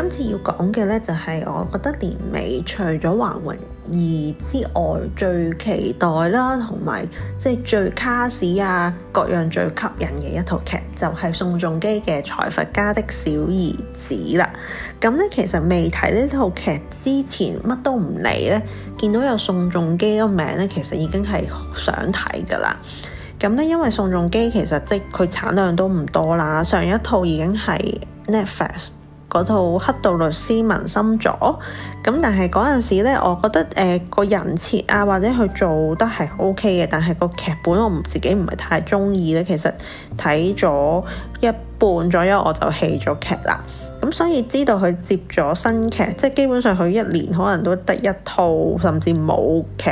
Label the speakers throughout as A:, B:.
A: 今次要講嘅呢，就係我覺得年尾除咗《還魂二》之外，最期待啦，同埋即係最卡士啊，各樣最吸引嘅一套劇，就係、是、宋仲基嘅《財閥家的小兒子》啦。咁、嗯、呢，其實未睇呢套劇之前，乜都唔理呢，見到有宋仲基個名呢，其實已經係想睇噶啦。咁、嗯、呢，因為宋仲基其實即係佢產量都唔多啦，上一套已經係 Netflix。嗰套《黑道律師文森佐》，咁但係嗰陣時咧，我覺得誒個、呃、人設啊，或者佢做得係 O K 嘅，但係個劇本我唔自己唔係太中意咧。其實睇咗一半左右，我就棄咗劇啦。咁所以知道佢接咗新劇，即係基本上佢一年可能都得一套，甚至冇劇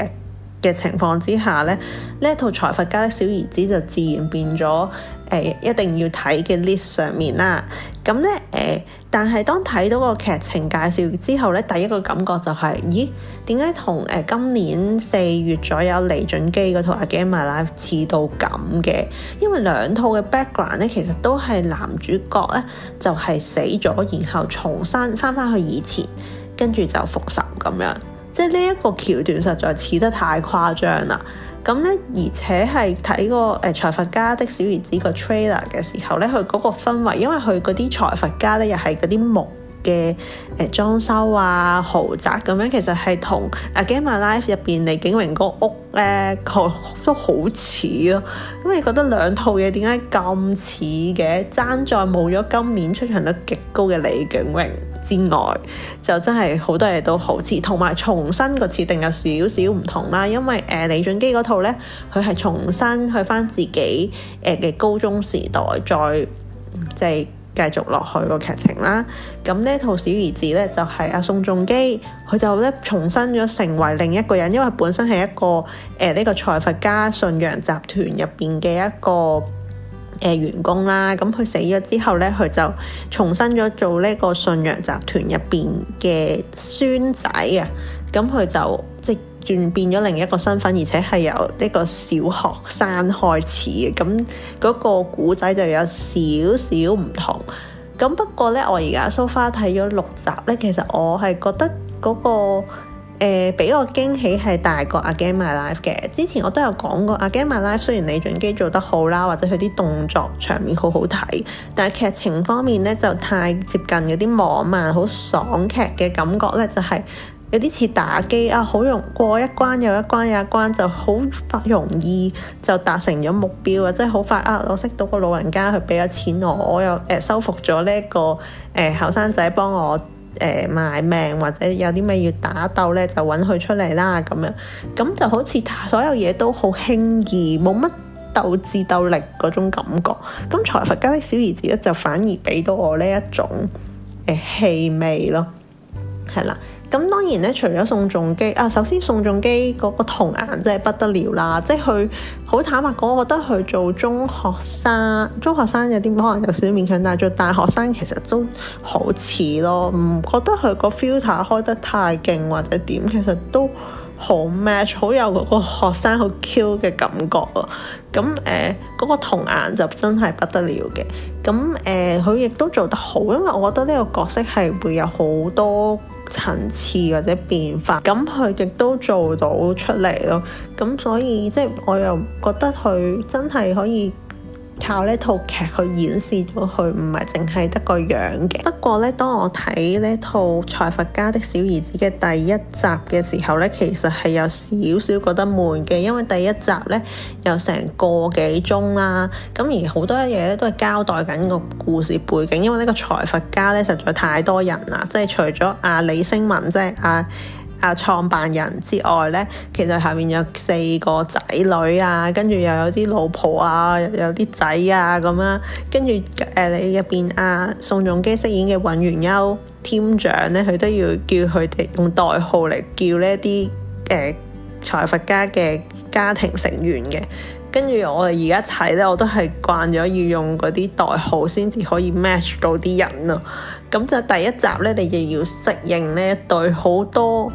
A: 嘅情況之下咧，呢一套《財閥家的小兒子》就自然變咗誒、呃、一定要睇嘅 list 上面啦。咁咧誒，但係當睇到個劇情介紹之後咧，第一個感覺就係、是，咦？點解同誒今年四月左右李準基嗰套《Again My Life》似到咁嘅？因為兩套嘅 background 咧，其實都係男主角咧就係死咗，然後重生翻翻去以前，跟住就復仇咁樣。即係呢一個橋段，實在似得太誇張啦！咁咧，而且係睇個誒財閥家的小兒子個 trailer 嘅時候咧，佢嗰個氛圍，因為佢嗰啲財閥家咧又係嗰啲木嘅誒、欸、裝修啊豪宅咁樣，其實係同《Again My Life》入邊李景榮個屋咧，個都好似咯。咁你、啊、覺得兩套嘢點解咁似嘅？爭在冇咗今年出場率極高嘅李景榮。之外，就真係好多嘢都好似，同埋重新個設定有少少唔同啦。因為誒、呃、李準基嗰套咧，佢係重新去翻自己誒嘅、呃、高中時代，再即係、就是、繼續落去個劇情啦。咁呢套小兒子咧，就係、是、阿、啊、宋仲基，佢就咧重新咗成為另一個人，因為本身係一個誒呢個財閥家信陽集團入邊嘅一個。呃這個誒、呃、員工啦，咁、嗯、佢死咗之後咧，佢就重新咗做呢個信陽集團入邊嘅孫仔啊。咁、嗯、佢就即轉變咗另一個身份，而且係由呢個小學生開始嘅。咁、嗯、嗰、那個故仔就有少少唔同。咁、嗯、不過咧，我而家蘇花睇咗六集咧，其實我係覺得嗰、那個。誒、俾個驚喜係大過《Again My Life》嘅，之前我都有講過，《Again My Life》雖然李準基做得好啦，或者佢啲動作場面好好睇，但係劇情方面咧就太接近有啲網漫、好爽劇嘅感覺咧就係、是、有啲似打機啊，好容過一關又一關又一關，又一關就好容易就達成咗目標啊！即係好快啊，我識到個老人家佢俾咗錢我，我又誒、呃、收服咗呢一個誒後生仔幫我。誒、呃、賣命或者有啲咩要打鬥咧，就揾佢出嚟啦咁樣，咁就好似所有嘢都好輕易，冇乜鬥智鬥力嗰種感覺。咁財閥家的小兒子咧，就反而俾到我呢一種誒、欸、氣味咯，係啦。咁當然咧，除咗宋仲基啊，首先宋仲基嗰個童顏真係不得了啦，即係佢好坦白講，我覺得佢做中學生中學生有啲可能有少少勉強，但係做大學生其實都好似咯，唔覺得佢個 filter 開得太勁或者點，其實都好 match，好有嗰個學生好 Q 嘅感覺啊。咁誒嗰個童顏就真係不得了嘅。咁誒佢亦都做得好，因為我覺得呢個角色係會有好多。層次或者變化，咁佢亦都做到出嚟咯。咁所以即係、就是，我又覺得佢真係可以，靠呢套劇去演示咗佢唔係淨係得個樣嘅。不過咧，當我睇呢套《財閥家的小兒子》嘅第一集嘅時候咧，其實係有少少覺得悶嘅，因為第一集咧有成個幾鐘啦。咁而好多嘢咧都係交代緊個故事背景，因為呢個財閥家咧實在太多人啦，即係除咗阿、啊、李星文，即係阿。啊！創辦人之外咧，其實下面有四個仔女啊，跟住又有啲老婆啊，又有啲仔啊咁啦，跟住誒你入邊啊，宋仲基飾演嘅尹元優添長咧，佢都要叫佢哋用代號嚟叫呢一啲誒、呃、財閥家嘅家庭成員嘅。跟住我哋而家睇咧，我都係慣咗要用嗰啲代號先至可以 match 到啲人咯。咁就第一集咧，你又要適應咧對好多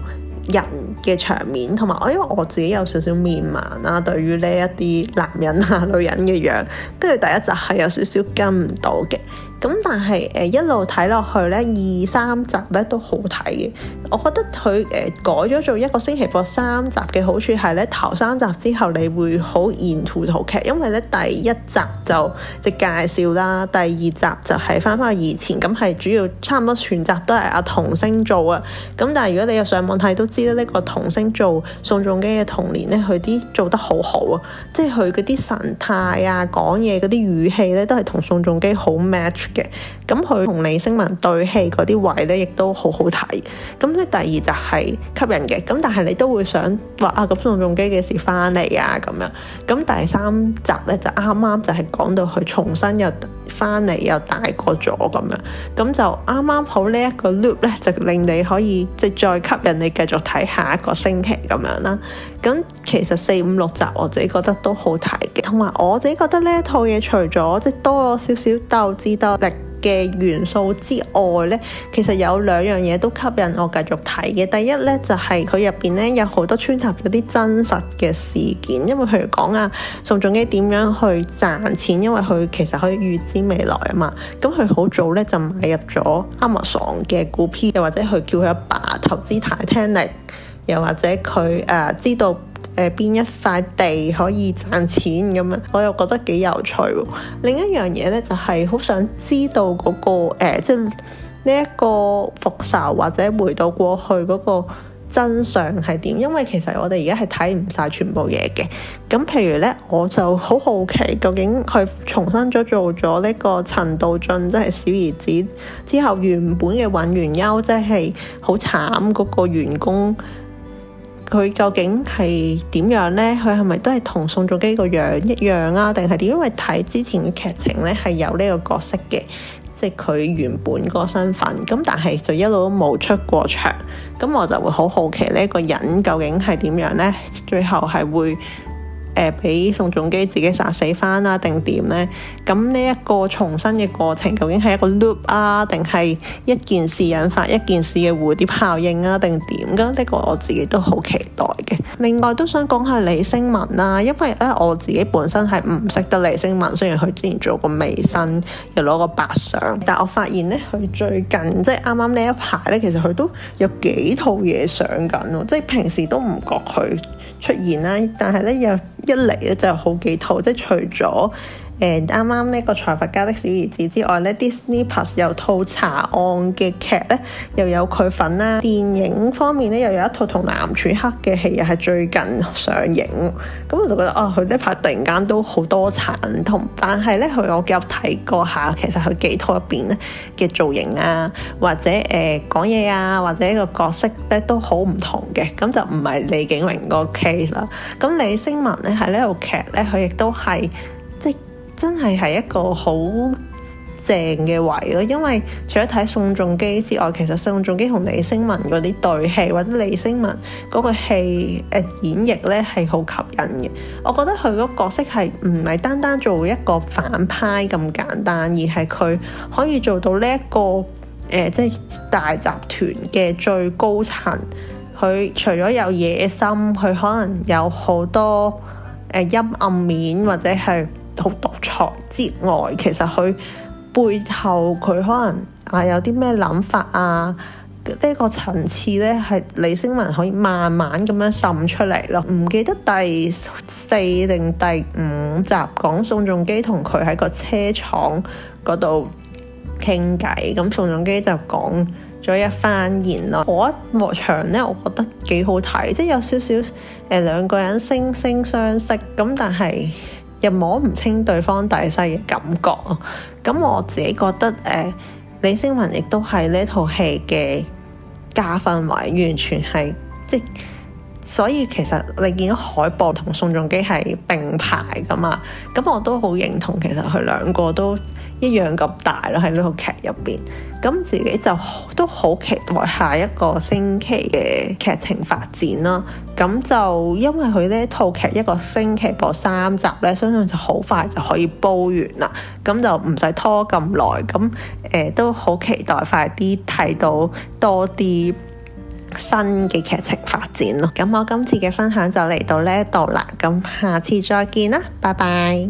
A: 人嘅場面，同埋我因為我自己有少少面盲啦、啊，對於呢一啲男人啊、女人嘅樣，跟住第一集係有少少跟唔到嘅。咁但係誒、呃、一路睇落去咧，二三集咧都好睇嘅。我覺得佢誒、呃、改咗做一個星期播三集嘅好處係咧，頭三集之後你會好沿途逃劇，因為咧第一集就即介紹啦，第二集就係翻翻去以前，咁、嗯、係主要差唔多全集都係阿童星做啊。咁但係如果你有上網睇都知道呢、呢個童星做宋仲基嘅童年咧，佢啲做得好好啊，即係佢嗰啲神態啊、講嘢嗰啲語氣咧，都係同宋仲基好 match 嘅，咁佢同李星文對戲嗰啲位咧，亦都好好睇。咁咧，第二集係吸引嘅。咁但係你都會想話啊，咁宋仲基嘅事翻嚟啊，咁樣。咁第三集咧就啱啱就係講到佢重新又。 翻嚟又大個咗咁樣，咁就啱啱好呢一個 loop 咧，就令你可以即係、就是、再吸引你繼續睇下一個星期咁樣啦。咁其實四五六集我自己覺得都好睇嘅，同埋我自己覺得呢一套嘢除咗即係多咗少少鬥智鬥力。嘅元素之外呢，其實有兩樣嘢都吸引我繼續睇嘅。第一呢，就係佢入邊呢有好多穿插咗啲真實嘅事件，因為譬如講啊宋仲基點樣去賺錢，因為佢其實可以預知未來啊嘛。咁佢好早呢就買入咗 Amazon 嘅股票，又或者佢叫佢阿爸投資 Titanic，又或者佢誒、呃、知道。誒邊一塊地可以賺錢咁樣？我又覺得幾有趣。另一樣嘢咧，就係好想知道嗰、那個即係呢一個復仇或者回到過去嗰個真相係點？因為其實我哋而家係睇唔晒全部嘢嘅。咁譬如咧，我就好好奇究竟佢重新咗做咗呢個陳道俊，即、就、係、是、小兒子之後原本嘅尹原優，即係好慘嗰、那個員工。佢究竟係點樣呢？佢係咪都係同宋仲基個樣一樣啊？定係點？因為睇之前嘅劇情呢，係有呢個角色嘅，即係佢原本個身份。咁但係就一路都冇出過場。咁我就會好好奇呢一個人究竟係點樣呢？最後係會。誒俾宋仲基自己殺死翻啦，定點呢？咁呢一個重生嘅過程，究竟係一個 loop 啊，定係一件事引發一件事嘅蝴蝶效應啊，定點？咁、這、呢個我自己都好期待嘅。另外都想講下李星民啦，因為咧我自己本身係唔識得李星民，雖然佢之前做過未生，又攞過百想，但我發現呢，佢最近即係啱啱呢一排呢，其實佢都有幾套嘢上緊咯，即係平時都唔覺佢。出現啦，但係咧又一嚟咧就好幾套，即係除咗。誒啱啱呢個財富家的小兒子之外咧，Disney p l s 又套查案嘅劇咧，又有佢份啦。電影方面咧，又有一套同南柱黑嘅戲，又係最近上映，咁我就覺得哦，佢呢排突然間都好多產同，但係咧佢我有睇過下，其實佢幾套入邊咧嘅造型啊，或者誒講嘢啊，或者個角色咧都好唔同嘅，咁就唔係李景榮個 case 啦。咁李星文咧喺呢套劇咧，佢亦都係。真係係一個好正嘅位咯，因為除咗睇宋仲基之外，其實宋仲基同李星文嗰啲對戲，或者李星文嗰個戲誒演繹咧係好吸引嘅。我覺得佢個角色係唔係單單做一個反派咁簡單，而係佢可以做到呢一個誒，即係大集團嘅最高層。佢除咗有野心，佢可能有好多誒陰暗面，或者係。好獨裁之外，其實佢背後佢可能啊有啲咩諗法啊？呢、這個層次呢，係李星文可以慢慢咁樣滲出嚟咯。唔記得第四定第五集講宋仲基同佢喺個車廠嗰度傾偈，咁宋仲基就講咗一番言咯。我一幕場呢，我覺得幾好睇，即係有少少誒兩個人惺惺相惜咁，但係。又摸唔清對方底細嘅感覺咯，咁 我自己覺得誒、呃，李星雲亦都係呢套戲嘅加分位，完全係即。所以其實你見到海報同宋仲基係並排噶嘛，咁我都好認同，其實佢兩個都一樣咁大咯，喺呢套劇入邊。咁自己就都好期待下一個星期嘅劇情發展啦。咁就因為佢呢套劇一個星期播三集咧，相信就好快就可以煲完啦。咁就唔使拖咁耐。咁誒、呃、都好期待快啲睇到多啲新嘅劇情發展咯，咁我今次嘅分享就嚟到呢度啦，咁下次再見啦，拜拜。